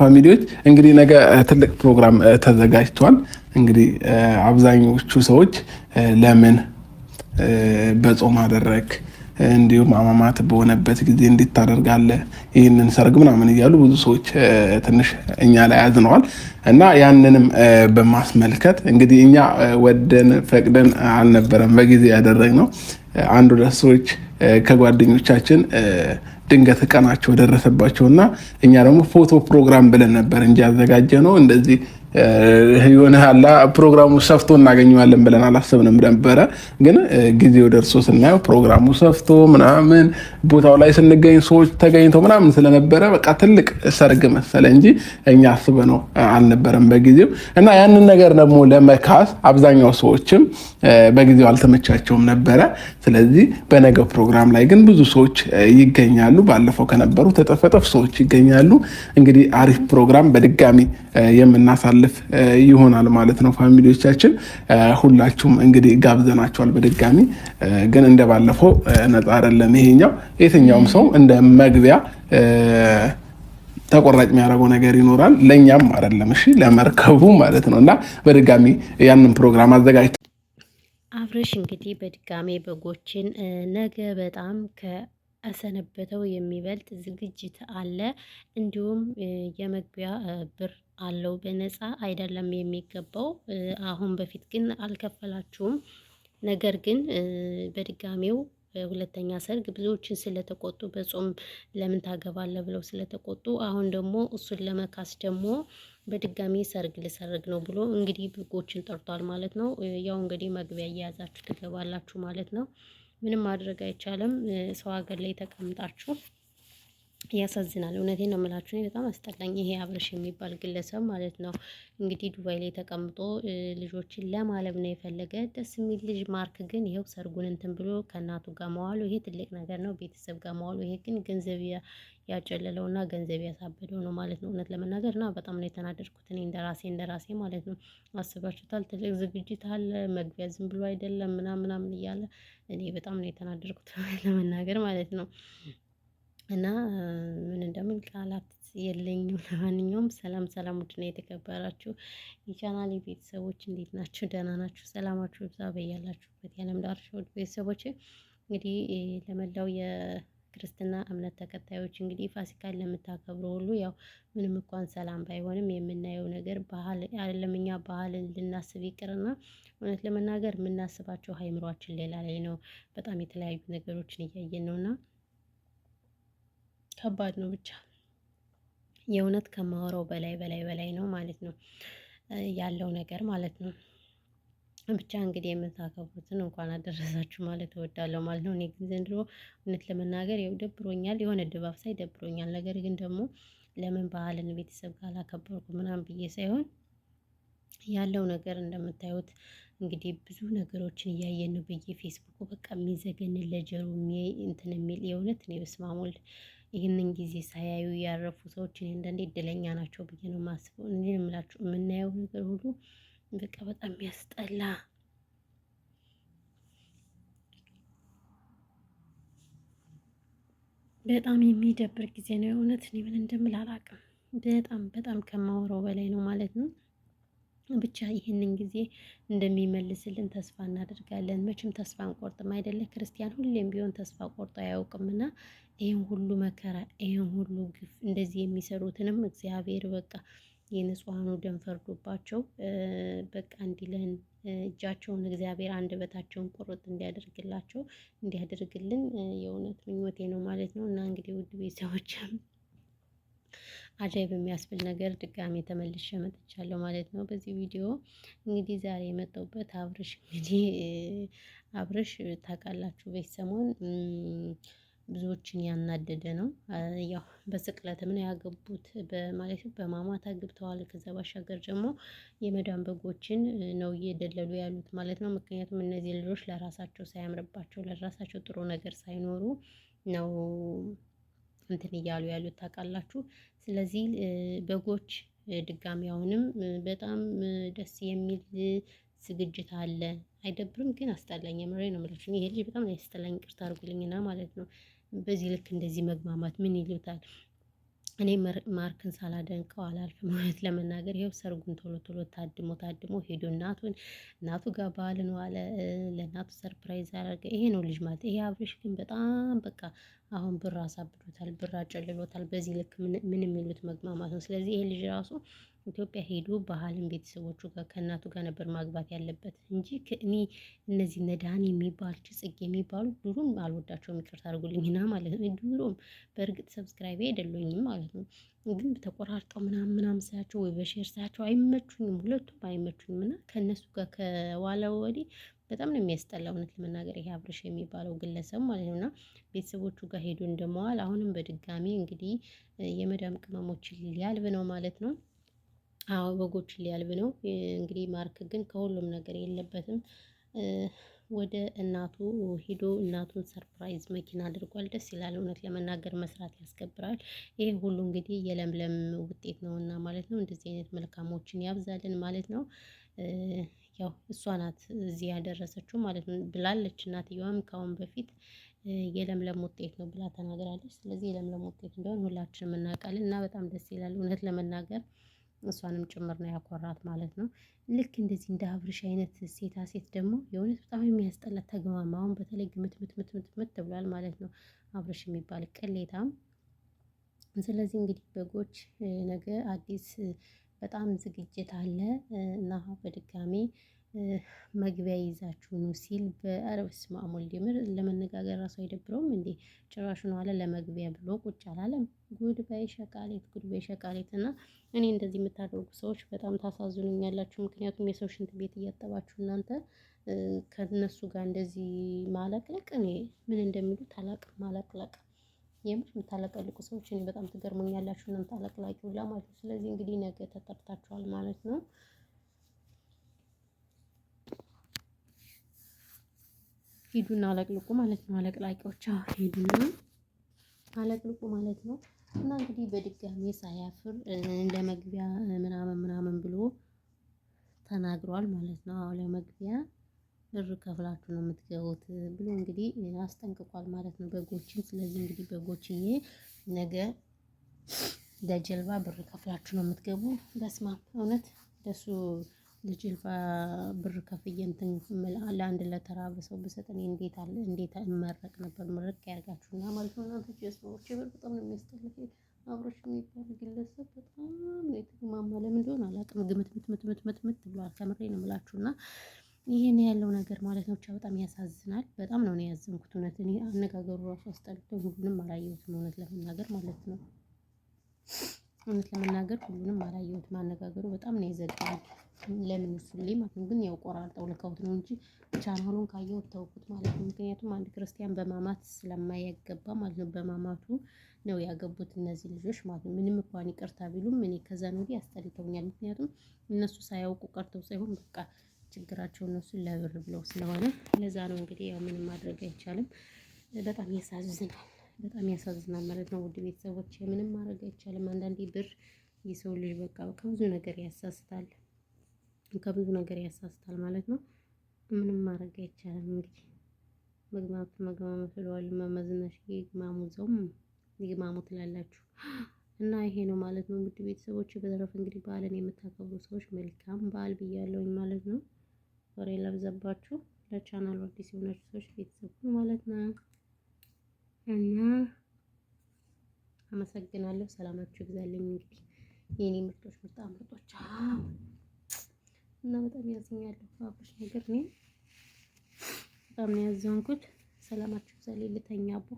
ፋሚሊዎች እንግዲህ ነገ ትልቅ ፕሮግራም ተዘጋጅቷል። እንግዲህ አብዛኞቹ ሰዎች ለምን በጾም አደረግ እንዲሁም አማማት በሆነበት ጊዜ እንዲታደርጋለ ይህንን ሰርግ ምናምን እያሉ ብዙ ሰዎች ትንሽ እኛ ላይ አዝነዋል እና ያንንም በማስመልከት እንግዲህ እኛ ወደን ፈቅደን አልነበረም በጊዜ ያደረግነው አንድ ሁለት ሰዎች ከጓደኞቻችን ድንገት ቀናቸው ደረሰባቸውና እኛ ደግሞ ፎቶ ፕሮግራም ብለን ነበር እንጂ ያዘጋጀ ነው እንደዚህ የሆነ አላ ፕሮግራሙ ሰፍቶ እናገኘዋለን ብለን አላሰብንም ነበረ። ግን ጊዜው ደርሶ ስናየው ፕሮግራሙ ሰፍቶ ምናምን ቦታው ላይ ስንገኝ ሰዎች ተገኝቶ ምናምን ስለነበረ በቃ ትልቅ ሰርግ መሰለ እንጂ እኛ አስበ ነው አልነበረም በጊዜው። እና ያንን ነገር ደግሞ ለመካስ አብዛኛው ሰዎችም በጊዜው አልተመቻቸውም ነበረ። ስለዚህ በነገው ፕሮግራም ላይ ግን ብዙ ሰዎች ይገኛሉ። ባለፈው ከነበሩ ተጠፈጠፍ ሰዎች ይገኛሉ። እንግዲህ አሪፍ ፕሮግራም በድጋሚ የምናሳለ የሚያሳልፍ ይሆናል ማለት ነው። ፋሚሊዎቻችን ሁላችሁም እንግዲህ ጋብዘናቸዋል። በድጋሚ ግን እንደ ባለፈው ነጻ አይደለም። ይሄኛው የትኛውም ሰው እንደ መግቢያ ተቆራጭ የሚያደርገው ነገር ይኖራል። ለእኛም አይደለም እሺ፣ ለመርከቡ ማለት ነው። እና በድጋሚ ያንን ፕሮግራም አዘጋጅተው አብረሽ እንግዲህ በድጋሜ በጎችን ነገ በጣም አሰነበተው የሚበልጥ ዝግጅት አለ። እንዲሁም የመግቢያ ብር አለው በነፃ አይደለም የሚገባው። አሁን በፊት ግን አልከፈላችሁም። ነገር ግን በድጋሚው ሁለተኛ ሰርግ ብዙዎችን ስለተቆጡ በጾም ለምን ታገባለ ብለው ስለተቆጡ፣ አሁን ደግሞ እሱን ለመካስ ደግሞ በድጋሚ ሰርግ ልሰርግ ነው ብሎ እንግዲህ በጎችን ጠርቷል ማለት ነው። ያው እንግዲህ መግቢያ እየያዛችሁ ትገባላችሁ ማለት ነው። ምንም ማድረግ አይቻልም። ሰው ሀገር ላይ ተቀምጣችሁ ያሳዝናል። እውነቴ ነው የምላችሁ። እኔ በጣም አስጠላኝ ይሄ አብርሽ የሚባል ግለሰብ ማለት ነው። እንግዲህ ዱባይ ላይ ተቀምጦ ልጆችን ለማለብ ነው የፈለገ ደስ የሚል ልጅ ማርክ ግን ይኸው ሰርጉን እንትን ብሎ ከእናቱ ጋር መዋሉ ይሄ ትልቅ ነገር ነው። ቤተሰብ ጋር መዋሉ ይሄ ግን ገንዘብ ያጨለለው እና ገንዘብ ያሳበደው ነው ማለት ነው። እውነት ለመናገር እና በጣም ነው የተናደድኩት እኔ እንደራሴ እንደራሴ ማለት ነው። አስባችሁታል? ትልቅ ዝግጅት አለ መግቢያ ዝም ብሎ አይደለም ምናምን ምናምን እያለ እኔ በጣም ነው የተናደድኩት ለመናገር ማለት ነው። እና ምን እንደምን ቃላት የለኝም። ለማንኛውም ሰላም ሰላም፣ ውድና የተከበራችሁ የቻናል ቤተሰቦች እንዴት ናችሁ? ደህና ናችሁ? ሰላማችሁ ይብዛ በያላችሁበት የዓለም ዳርቻ ውድ ቤተሰቦች። እንግዲህ ለመላው የክርስትና እምነት ተከታዮች እንግዲህ ፋሲካን ለምታከብሩ ሁሉ ያው ምንም እንኳን ሰላም ባይሆንም የምናየው ነገር ባህል አይደለም። እኛ ባህልን ልናስብ ይቅርና እውነት ለመናገር የምናስባቸው ሀይምሯችን ሌላ ላይ ነው። በጣም የተለያዩ ነገሮችን እያየን ነው እና ከባድ ነው ብቻ የእውነት ከማወራው በላይ በላይ በላይ ነው ማለት ነው ያለው ነገር ማለት ነው። ብቻ እንግዲህ የምታከብሩትን እንኳን አደረሳችሁ ማለት እወዳለሁ ማለት ነው። እኔ ግን ዘንድሮ እውነት ለመናገር ያው ደብሮኛል፣ የሆነ ድባብ ሳይ ደብሮኛል። ነገር ግን ደግሞ ለምን ባህልን ቤተሰብ ካላከበርኩ ምናምን ብዬ ሳይሆን ያለው ነገር እንደምታዩት እንግዲህ ብዙ ነገሮችን እያየን ነው። ፌስቡኩ በቃ የሚዘገንን ለጀሩ እንትን የሚል የእውነት ነው የበስማሙል ይህንን ጊዜ ሳያዩ ያረፉ ሰዎች እኔ አንዳንዴ እድለኛ ናቸው ብዬ ነው የማስበው። እኔ የምላችሁ የምናየው ነገር ሁሉ በቃ በጣም ያስጠላ በጣም የሚደብር ጊዜ ነው። የእውነት እኔ ምን እንደምል አላውቅም። በጣም በጣም ከማወራው በላይ ነው ማለት ነው። ብቻ ይህንን ጊዜ እንደሚመልስልን ተስፋ እናደርጋለን። መቼም ተስፋ አንቆርጥም አይደለ? ክርስቲያን ሁሌም ቢሆን ተስፋ ቆርጦ አያውቅምና ይህን ሁሉ መከራ፣ ይህን ሁሉ ግፍ እንደዚህ የሚሰሩትንም እግዚአብሔር በቃ የንጹሐኑ ደም ፈርዶባቸው በቃ እንዲለን እጃቸውን እግዚአብሔር አንደበታቸውን ቁርጥ እንዲያደርግላቸው እንዲያደርግልን የእውነት ምኞቴ ነው ማለት ነው እና እንግዲህ ውድ ቤተሰቦችም አጃይ በሚያስብል ነገር ድጋሜ ተመልሼ መጥቻለሁ ማለት ነው። በዚህ ቪዲዮ እንግዲህ ዛሬ የመጣሁበት አብርሽ እንግዲህ አብርሽ ታውቃላችሁ ቤተሰሞን ብዙዎችን ያናደደ ነው። ያው በስቅለት ምን ያገቡት ማለት በማማት አግብተዋል። ከዛ ባሻገር ደግሞ የመዳን በጎችን ነው እየደለሉ ያሉት ማለት ነው። ምክንያቱም እነዚህ ልጆች ለራሳቸው ሳያምርባቸው ለራሳቸው ጥሩ ነገር ሳይኖሩ ነው እንትን እያሉ ያሉት ታውቃላችሁ። ስለዚህ በጎች ድጋሚ አሁንም በጣም ደስ የሚል ዝግጅት አለ። አይደብርም ግን አስጠላኝ። የምሬ ነው የምላችሁ ይሄ ልጅ በጣም ያስጠላኝ። ይቅርታ አድርጉልኝና ማለት ነው። በዚህ ልክ እንደዚህ መግማማት ምን ይሉታል? እኔ ማርክን ሳላደንቀው አላልፍም። እውነት ለመናገር ይኸው ሰርጉን ቶሎ ቶሎ ታድሞ ታድሞ ሄዶ እናቱን እናቱ ጋር ባልን ዋለ ለእናቱ ሰርፕራይዝ አደረገ። ይሄ ነው ልጅ ማለት። ይሄ አብርሽ ግን በጣም በቃ አሁን ብር አሳብዶታል፣ ብር አጨልሎታል። በዚህ ልክ ምን የሚሉት መግማማት ነው። ስለዚህ ይሄ ልጅ ራሱ ኢትዮጵያ ሄዶ ባህልን ቤተሰቦቹ ጋር ከእናቱ ጋር ነበር ማግባት ያለበት እንጂ እኔ እነዚህ ነዳን የሚባል ጽጌ የሚባሉ ድሮም አልወዳቸውም። ይቅርታ አድርጉልኝና ማለት ነው። ድሮም በእርግጥ ሰብስክራይብ አይደለኝም ማለት ነው። ግን ተቆራርጠው ምናምን ምናምን ሳያቸው ወይ በሼር ሳያቸው አይመቹኝም፣ ሁለቱም አይመቹኝም። እና ከእነሱ ጋር ከዋለው ወዲህ በጣም ነው የሚያስጠላ። እውነት ለመናገር ይሄ አብርሽ የሚባለው ግለሰብ ማለት ነው እና ቤተሰቦቹ ጋር ሄዱ እንደመዋል አሁንም በድጋሚ እንግዲህ የመዳም ቅመሞችን ሊያልብ ነው ማለት ነው። አዎ በጎች ሊያልብ ነው እንግዲህ ማርክ ግን ከሁሉም ነገር የለበትም። ወደ እናቱ ሂዶ እናቱን ሰርፕራይዝ መኪና አድርጓል ደስ ይላል እውነት ለመናገር መስራት ያስከብራል። ይህ ሁሉ እንግዲህ የለምለም ውጤት ነውና ማለት ነው እንደዚህ አይነት መልካሞችን ያብዛልን ማለት ነው። ያው እሷ ናት እዚህ ያደረሰችው ማለት ነው ብላለች እናትየዋም ከአሁን በፊት የለምለም ውጤት ነው ብላ ተናግራለች። ስለዚህ የለምለም ውጤት እንደሆን ሁላችንም እናውቃለን እና በጣም ደስ ይላል እውነት ለመናገር እሷንም ጭምር ነው ያኮራት ማለት ነው። ልክ እንደዚህ እንደ አብርሽ አይነት ሴታ ሴት ደግሞ የእውነት በጣም የሚያስጠላት ተግማማ። አሁን በተለይ ግምት ምት ምት ብሏል ማለት ነው አብርሽ የሚባል ቅሌታም። ስለዚህ እንግዲህ በጎች ነገ አዲስ በጣም ዝግጅት አለ እና በድጋሜ። መግቢያ ይዛችሁ ነው ሲል በአረብ ማሙል ወልደምር ለመነጋገር ራሱ አይደብረውም እንዴ? ጭራሽ ነው አለ ለመግቢያ ብሎ ቁጭ አላለም። ጉድ ባይ ሸቃሌት፣ ጉድ ባይ ሸቃሌት። እና እኔ እንደዚህ የምታደርጉ ሰዎች በጣም ታሳዝኑኛላችሁ። ምክንያቱም የሰው ሽንት ቤት እያጠባችሁ እናንተ ከነሱ ጋር እንደዚህ ማለቅለቅ፣ እኔ ምን እንደሚሉት ታላቅ ማለቅለቅ የምር የምታለቀልቁ ሰዎች እኔ በጣም ትገርሙኛላችሁ። እናንተ አለቅላቂ ሁላ ማለት ስለዚህ እንግዲህ ነገ ተጠርታችኋል ማለት ነው። ሂዱና አለቅልቁ ማለት ነው። አለቅላቂዎች ሂዱና አለቅልቁ ማለት ነው። እና እንግዲህ በድጋሚ ሳያፍር መግቢያ ምናምን ምናምን ብሎ ተናግሯል ማለት ነው። አሁን ለመግቢያ ብር ከፍላችሁ ነው የምትገቡት ብሎ እንግዲህ አስጠንቅቋል ማለት ነው በጎችን። ስለዚህ እንግዲህ በጎችዬ ነገ ለጀልባ ብር ከፍላችሁ ነው የምትገቡ። በስማ እውነት ደሱ ልጅ ብር ከፍዬ እንትን ለአንድ ለተራበ ሰው ብሰጥ እኔ እንዴት አለ እንዴት እመረቅ ነበር። ምርቅ ያርጋችሁና ማለት ነው። እናንተ ሰዎች ብር በጣም ነው የሚያስጠላኝ። አብሮሽ የሚባል ግለሰብ በጣም ነው የተግማማ። ለምን እንደሆነ አላውቅም። ግምት ምት ምት ምት ምት ምት ብሏል። ከምሬ ነው የምላችሁ እና ይሄን ያለው ነገር ማለት ነው። ብቻ በጣም ያሳዝናል። በጣም ነው ያዘንኩት። እውነት እኔ አነጋገሩ ራሱ አስጠልቶኝ ሁሉንም አላየሁትም። እውነት ለመናገር ማለት ነው። እውነት ለመናገር ሁሉንም አላየሁትም። አነጋገሩ በጣም ነው የዘጋኝ። ለምን እሱልኝ ማለት ነው። ግን ያው ቆራርጠው ልከውት ነው እንጂ ቻናሉን ካየሁት ተውኩት ማለት ነው። ምክንያቱም አንድ ክርስቲያን በማማት ስለማይገባ ማለት ነው። በማማቱ ነው ያገቡት እነዚህ ልጆች ማለት ነው። ምንም እንኳን ይቅርታ ቢሉም እኔ ከዛን ወዲህ አስጠልተውኛል። ምክንያቱም እነሱ ሳያውቁ ቀርተው ሳይሆን በቃ ችግራቸው እነሱ ለብር ብለው ስለሆነ ለዛ ነው እንግዲህ ያው ምንም ማድረግ አይቻልም። በጣም ያሳዝናል፣ በጣም ያሳዝናል ማለት ነው። ውድ ቤተሰቦች ምንም ማድረግ አይቻልም። አንዳንዴ ብር የሰው ልጅ በቃ ከብዙ ነገር ያሳስታል። ከብዙ ነገር ያሳስታል ማለት ነው። ምንም ማድረግ አይቻልም። እንግዲህ መግማቱ መግማሙ ስለዋል መመዝነሽ ይግማሙ ዘውም ይግማሙ ትላላችሁ እና ይሄ ነው ማለት ነው። እንግዲህ ቤተሰቦች በተረፈ እንግዲህ በዓልን የምታከብሩ ሰዎች መልካም በዓል ብያለሁኝ ማለት ነው። ወሬ ለብዘባችሁ ለቻናሉ አዲስ የሆናችሁ ሰዎች ቤተሰቡ ማለት ነው እና አመሰግናለሁ። ሰላማችሁ ይብዛልኝ። እንግዲህ የኔ ምርጦች ምርጣ ምርጦች እና በጣም ያዝኛለሁ አብርሽ ነገር እኔ በጣም ነው ያዘንኩት። ሰላማችሁ ይብዛልኝ። ልተኛ አቦ